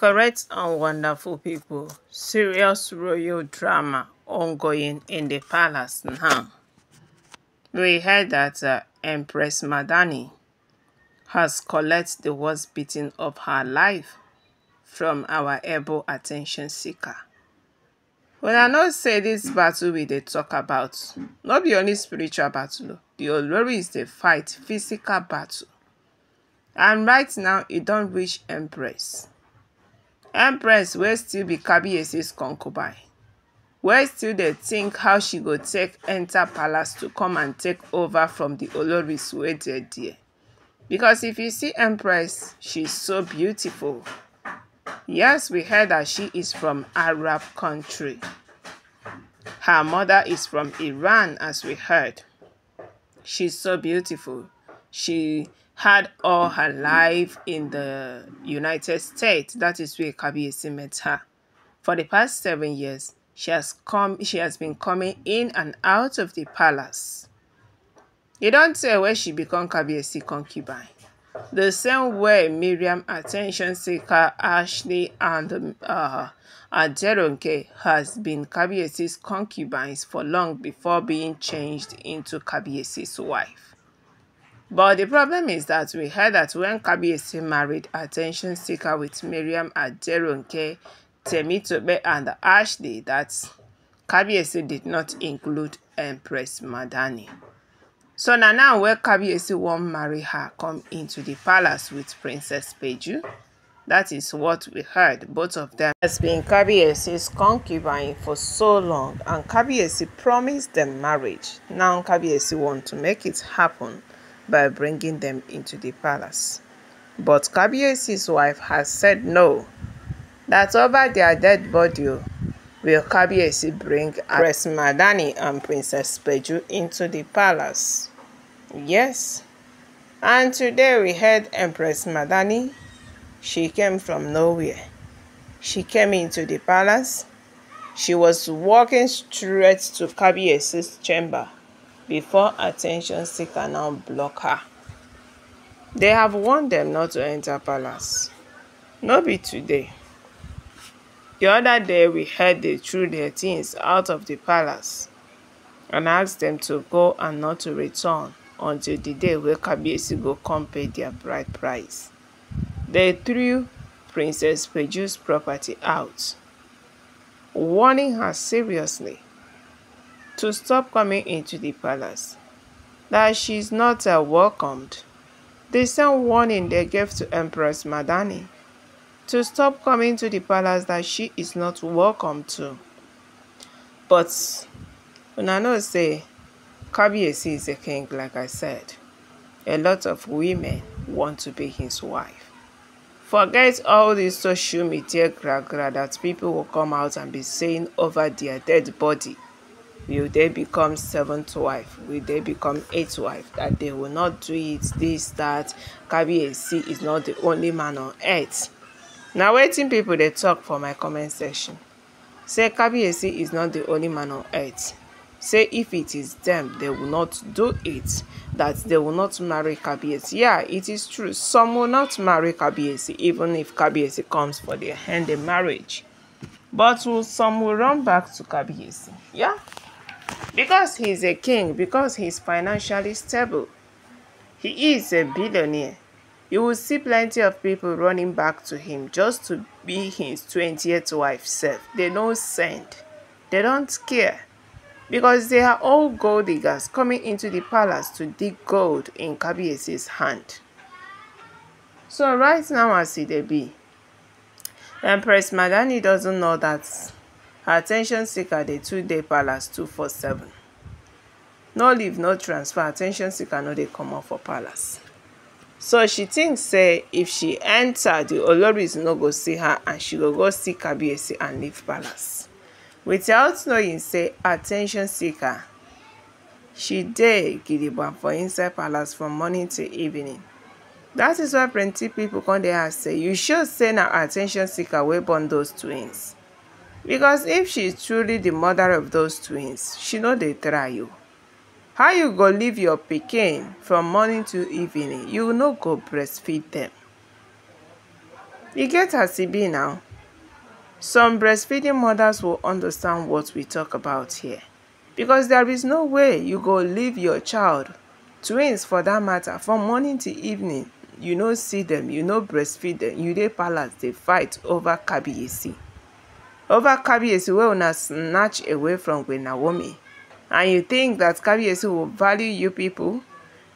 correct and wonderful people, serious royal drama ongoing in the palace now. We heard that uh, Empress Madani has collected the worst beating of her life from our able attention seeker. When I not say this battle we dey talk about, not be only spiritual battle, the Olori is the fight physical battle. And right now, e don't reach Empress empress wey still be kabiyesi concubine wey still dey think how she go take enter palace to come and take over from the oloris wey dey there because if you see empress she's so beautiful yes we heard that she is from arab country her mother is from iran as we heard she's so beautiful she had all her life in the United States. That is where Kabiesi met her. For the past seven years, she has come she has been coming in and out of the palace. You don't say where she become Kabiesi concubine. The same way Miriam attention seeker Ashley and uh, Adelonke has been Kabiesi's concubines for long before being changed into Kabiesi's wife. But the problem is that we heard that when Kabiesi married attention seeker with Miriam Aderonke, Temitope and Ashley, that Kabiesi did not include Empress Madani. So now, now where Kabiesi won't marry her come into the palace with Princess Peju, that is what we heard. Both of them has been Kabiesi's concubine for so long and Kabiesi promised them marriage. Now Kabiesi want to make it happen by bringing them into the palace. But Kabiesi's wife has said no, that over their dead body will Kabiesi bring Prince Madani and Princess Peju into the palace. Yes, and today we heard Empress Madani. She came from nowhere. She came into the palace. She was walking straight to Kabiesi's chamber before attention seeker now block her. They have warned them not to enter palace. not be today. The other day we heard they threw their things out of the palace and asked them to go and not to return until the day where Kabiesi go come pay their bride price. They threw Princess Peju's property out, warning her seriously to stop coming into the palace, that she is not uh, welcomed. The same warning they gave to Empress Madani to stop coming to the palace that she is not welcome to. But Unano say Kabiesi is a king, like I said. A lot of women want to be his wife. Forget all this social media gra that people will come out and be saying over their dead body will they become seventh wife will they become eighth wife that they will not do it this that kabiyesi is not the only man on earth Now waiting people, they talk for my comment section say kabiyesi is not the only man on earth say if it is them, they will not do it that they will not marry kabiyesi yeah it is true some will not marry kabiyesi even if kabiyesi comes for their hand in marriage but will, some will run back to kabiyesi yeah because he's a king, because he's financially stable, he is a billionaire. You will see plenty of people running back to him just to be his 20th wife self. They don't send. They don't care. Because they are all gold diggers coming into the palace to dig gold in Kabiese's hand. So right now I see the bee. Empress Madani doesn't know that at ten seeker dey too dey palace two four seven no leave no transfer Attention seeker no dey comot for palace so she think say if she enter the oloris no go see her and she go go see kabiyesi and leave palace without knowing say attention ten tion seeker she dey gidigba for inside palace from morning till evening that is why plenty people come dey ask say you sure say na at ten tion seeker wey born those twins because if she is truly the mother of those twins she know they try you oh. how you go leave your pikin from morning to evening you no go breastfeed them. You get her CB now some breastfeeding mothers will understand what we talk about here because there is no way you go leave your child twins for that matter from morning to evening you no see them. you no breastfeed them. you dey palace They fight over kabiyesi. over Kabiyesi wey una snatch away from Queen Naomi and you think that Kabiyesi will value you people?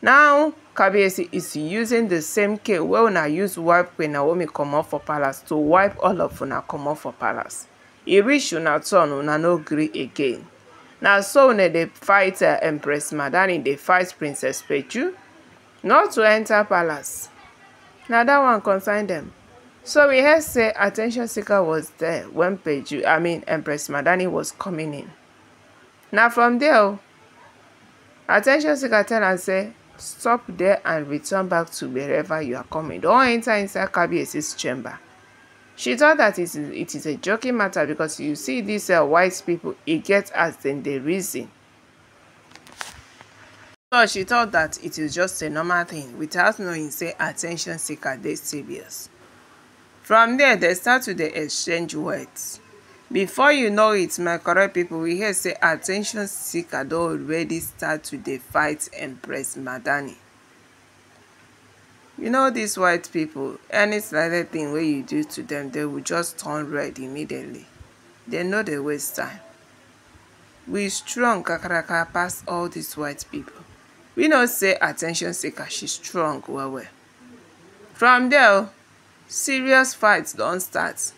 Now Kabiyesi is using the same cane wey una use wipe Queen Naomi comot for palace to wipe all of una comot for palace. E reach una turn una no gree again. Na so una dey fight uh, Empress Madani dey fight Princess Peju not to enter palace. Na that one concern them. So we heard say attention seeker was there when Peju, I mean Empress Madani was coming in. Now from there, oh, attention seeker tell and say stop there and return back to wherever you are coming. Don't enter inside Kabiesi's chamber. She thought that it is, it is a joking matter because you see these uh, wise people, it e gets as then the reason. So she thought that it is just a normal thing without knowing say attention seeker dey serious. From there, they start to the exchange words. Before you know it, my correct people, we hear say "Attention seeker don already start to the fight Empress Madani. You know these white people, any slight thing where you do to them, they will just turn red immediately. They know they waste time. We strong kakaraka pass all these white people. We know say attention seeker, she strong well well. From there, serious fight don start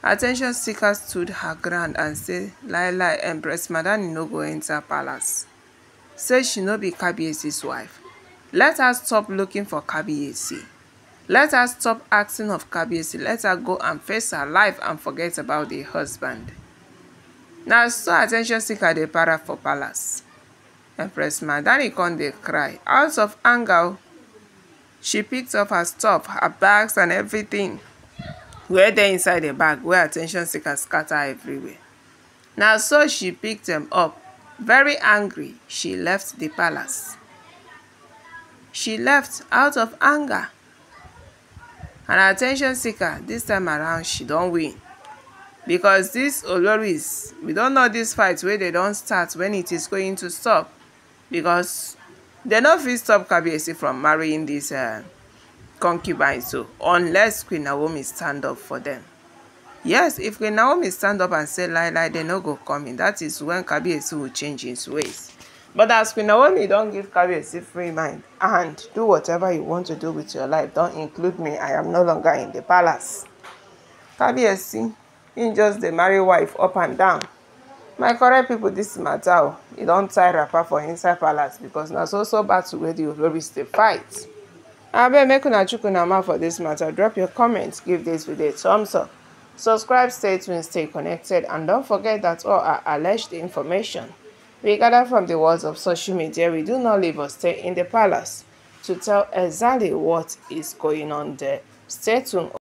Attention seeker stood her ground and said, lai-lai empress madani no go enter palace say she no be kabiyesi's wife let her stop looking for kabiyesi let her stop asking of kabiyesi let her go and face her life and forget about the husband Now, so attention seeker dey para for palace empress madani come dey cry out of anger She picked up her stuff, her bags and everything. We're there inside the bag where attention seekers scatter everywhere. Now so she picked them up. Very angry, she left the palace. She left out of anger. An attention seeker, this time around, she don't win. Because this Oloris, we don't know this fight where they don't start when it is going to stop. Because They no fit stop kabiyesi from marrying this uh, concubines o unless queen naomi stand up for them. yes if queen naomi stand up and say lie lie they no go come in that is when kabiyesi will change his ways but as queen naomi don give kabiyesi free mind and do whatever you want to do with your life don include me i am no longer in the palace kabiyesi him just dey marry wife up and down my correct people, this matter don't tie rapper for inside palace because now so so to wey di olorists dey fight abeg make una chook una mouth for this matter drop your comments. give this video a thumbs up subscribe stay tuned stay connected and don't forget that all our alleged information we gather from the words of social media we do not leave or stay in the palace to tell exactly what is going on there stay tuned